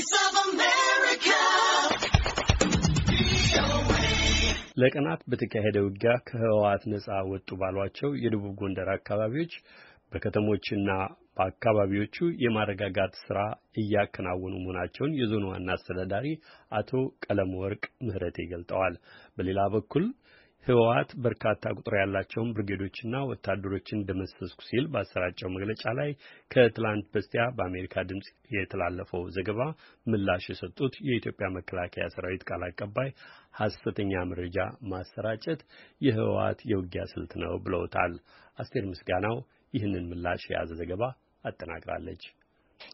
Voice of America. ለቀናት በተካሄደ ውጊያ ከህወሓት ነጻ ወጡ ባሏቸው የደቡብ ጎንደር አካባቢዎች በከተሞችና በአካባቢዎቹ የማረጋጋት ስራ እያከናወኑ መሆናቸውን የዞኑ ዋና አስተዳዳሪ አቶ ቀለም ወርቅ ምህረቴ ገልጠዋል። በሌላ በኩል ህወሓት በርካታ ቁጥር ያላቸውን ብርጌዶችና ወታደሮችን ደመሰስኩ ሲል ባሰራጨው መግለጫ ላይ ከትላንት በስቲያ በአሜሪካ ድምፅ የተላለፈው ዘገባ ምላሽ የሰጡት የኢትዮጵያ መከላከያ ሰራዊት ቃል አቀባይ ሐሰተኛ መረጃ ማሰራጨት የህወሓት የውጊያ ስልት ነው ብለውታል። አስቴር ምስጋናው ይህንን ምላሽ የያዘ ዘገባ አጠናቅራለች።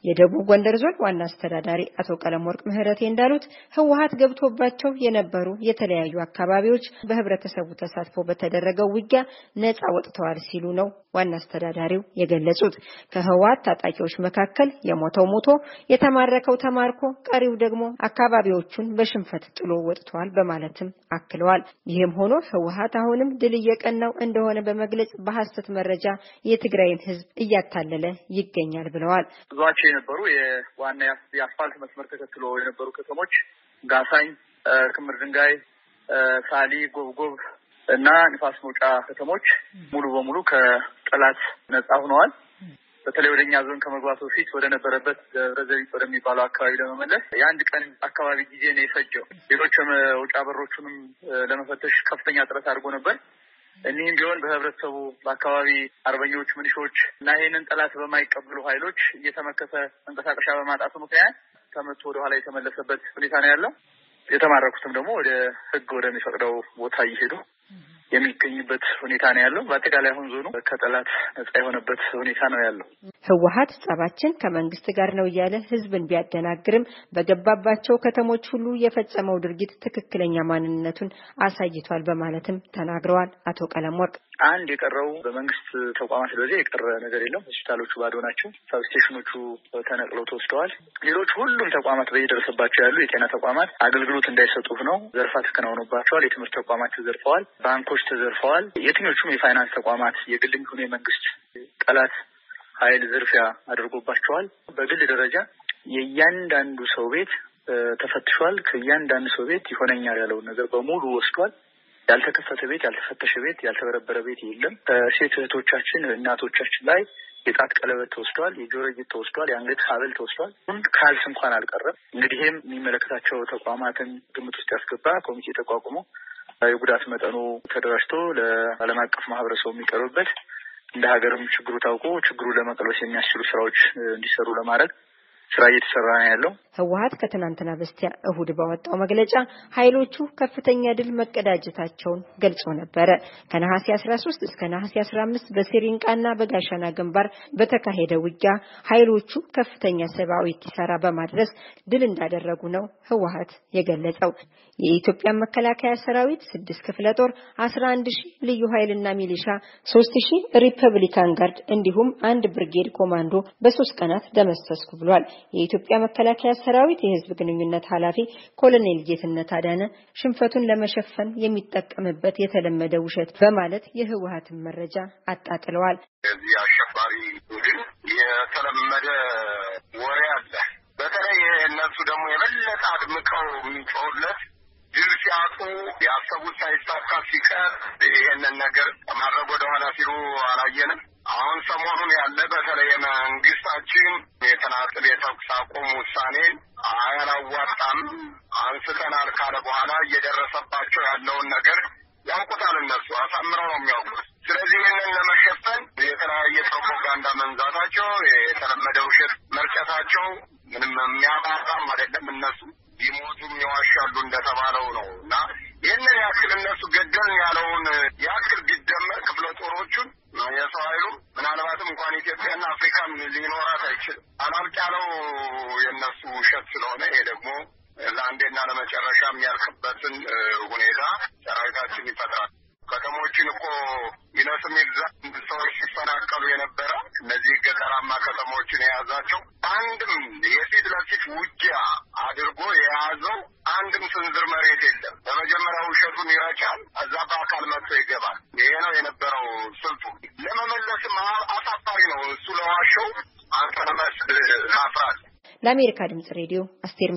የደቡብ ጎንደር ዞን ዋና አስተዳዳሪ አቶ ቀለም ወርቅ ምህረቴ እንዳሉት ህወሀት ገብቶባቸው የነበሩ የተለያዩ አካባቢዎች በህብረተሰቡ ተሳትፎ በተደረገው ውጊያ ነጻ ወጥተዋል ሲሉ ነው ዋና አስተዳዳሪው የገለጹት። ከህወሀት ታጣቂዎች መካከል የሞተው ሞቶ፣ የተማረከው ተማርኮ፣ ቀሪው ደግሞ አካባቢዎቹን በሽንፈት ጥሎ ወጥተዋል በማለትም አክለዋል። ይህም ሆኖ ህወሀት አሁንም ድል እየቀናው እንደሆነ በመግለጽ በሀሰት መረጃ የትግራይን ህዝብ እያታለለ ይገኛል ብለዋል። ስናያቸው የነበሩ የዋና የአስፋልት መስመር ተከትሎ የነበሩ ከተሞች ጋሳኝ፣ ክምር ድንጋይ፣ ሳሊ፣ ጎብጎብ እና ንፋስ መውጫ ከተሞች ሙሉ በሙሉ ከጠላት ነጻ ሆነዋል። በተለይ ወደ እኛ ዞን ከመግባቱ በፊት ወደ ነበረበት ደብረ ወደሚባለው አካባቢ ለመመለስ የአንድ ቀን አካባቢ ጊዜ ነው የፈጀው። ሌሎች የመውጫ በሮቹንም ለመፈተሽ ከፍተኛ ጥረት አድርጎ ነበር። እኒህም ቢሆን በህብረተሰቡ በአካባቢ አርበኞች፣ ምንሾች እና ይህንን ጠላት በማይቀበሉ ኃይሎች እየተመከተ መንቀሳቀሻ በማጣቱ ምክንያት ተመቶ ወደኋላ የተመለሰበት ሁኔታ ነው ያለው። የተማረኩትም ደግሞ ወደ ህግ ወደሚፈቅደው ቦታ እየሄዱ የሚገኝበት ሁኔታ ነው ያለው። በአጠቃላይ አሁን ዞኑ ከጠላት ነጻ የሆነበት ሁኔታ ነው ያለው። ህወሀት ጸባችን ከመንግስት ጋር ነው እያለ ህዝብን ቢያደናግርም በገባባቸው ከተሞች ሁሉ የፈጸመው ድርጊት ትክክለኛ ማንነቱን አሳይቷል በማለትም ተናግረዋል። አቶ ቀለም ወርቅ አንድ የቀረው በመንግስት ተቋማት ደረጃ የቀረ ነገር የለም። ሆስፒታሎቹ ባዶ ናቸው። ሳብስቴሽኖቹ ተነቅለው ተወስደዋል። ሌሎች ሁሉም ተቋማት በየደረሰባቸው ያሉ የጤና ተቋማት አገልግሎት እንዳይሰጡ ነው ዘርፋ ተከናውኖባቸዋል። የትምህርት ተቋማት ተዘርፈዋል። ባንኮ ባንኮች ተዘርፈዋል። የትኞቹም የፋይናንስ ተቋማት የግል ሆነ የመንግስት ጠላት ኃይል ዝርፊያ አድርጎባቸዋል። በግል ደረጃ የእያንዳንዱ ሰው ቤት ተፈትሿል። ከእያንዳንዱ ሰው ቤት ይሆነኛል ያለውን ነገር በሙሉ ወስዷል። ያልተከፈተ ቤት፣ ያልተፈተሸ ቤት፣ ያልተበረበረ ቤት የለም። ሴት እህቶቻችን እናቶቻችን ላይ የጣት ቀለበት ተወስዷል፣ የጆሮ ጌጥ ተወስዷል፣ የአንገት ሀብል ተወስዷል። ሁን ካልስ እንኳን አልቀረም። እንግዲህም ይህም የሚመለከታቸው ተቋማትን ግምት ውስጥ ያስገባ ኮሚቴ ተቋቁሞ የጉዳት መጠኑ ተደራጅቶ ለዓለም አቀፍ ማህበረሰቡ የሚቀርብበት እንደ ሀገርም ችግሩ ታውቆ ችግሩ ለመቀልበስ የሚያስችሉ ስራዎች እንዲሰሩ ለማድረግ ስራ እየተሰራ ነው ያለው። ህወሀት ከትናንትና በስቲያ እሁድ ባወጣው መግለጫ ኃይሎቹ ከፍተኛ ድል መቀዳጀታቸውን ገልጾ ነበረ። ከነሐሴ 13 እስከ ነሐሴ 15 በሲሪንቃና በጋሻና ግንባር በተካሄደ ውጊያ ኃይሎቹ ከፍተኛ ሰብአዊ ኪሳራ በማድረስ ድል እንዳደረጉ ነው ህወሀት የገለጸው። የኢትዮጵያ መከላከያ ሰራዊት 6 ክፍለ ጦር፣ 11 ሺህ ልዩ ኃይልና ሚሊሻ፣ 3 ሺህ ሪፐብሊካን ጋርድ እንዲሁም አንድ ብርጌድ ኮማንዶ በሶስት ቀናት ደመሰስኩ ብሏል። የኢትዮጵያ መከላከያ ሰራዊት የህዝብ ግንኙነት ኃላፊ ኮሎኔል ጌትነት አዳነ ሽንፈቱን ለመሸፈን የሚጠቀምበት የተለመደ ውሸት በማለት የህወሀትን መረጃ አጣጥለዋል። እዚህ አሸባሪ ቡድን የተለመደ ወሬ አለ። በተለይ እነሱ ደግሞ የበለጠ አድምቀው የሚጮሁለት ድል ሲያጡ ያሰቡት ሳይሳካ ሲቀር ይህንን ነገር ማድረግ ወደኋላ ሲሉ አላየንም። አሁን ሰሞኑን ያለ በተለይ መንግስታችን የተናጥል የተኩስ አቁም ውሳኔ አያላዋጣም አንስተናል ካለ በኋላ እየደረሰባቸው ያለውን ነገር ያውቁታል። እነሱ አሳምረው ነው የሚያውቁት። ስለዚህ ይህንን ለመሸፈን የተለያየ ፕሮፓጋንዳ መንዛታቸው፣ የተለመደ ውሸት መርጨታቸው ምንም የሚያባራም አይደለም። እነሱ ቢሞቱም ይዋሻሉ እንደተባለው ነው እና ይህንን ያክል እነሱ ገደልን ያለውን ያክል ቢደመር ክፍለ ጦሮች እንኳን ኢትዮጵያና አፍሪካ ሊኖራት አይችልም። አላልቅ ያለው የእነሱ ውሸት ስለሆነ ይሄ ደግሞ ለአንዴና ለመጨረሻ የሚያልቅበትን ሁኔታ ሰራዊታችን ይፈጥራል። ከተሞችን እኮ ይነስም ይብዛ ሰዎች ሲፈናቀሉ የነበረ እነዚህ ገጠራማ ከተሞችን የያዛቸው አንድም የፊት ለፊት ውጊያ አድርጎ የያዘው አንድም ስንዝር መሬት የለም። በመጀመሪያ ውሸቱን ይረጫል፣ እዛ በአካል መጥቶ ይገባል። ለአሜሪካ ድምጽ ሬዲዮ አስቴር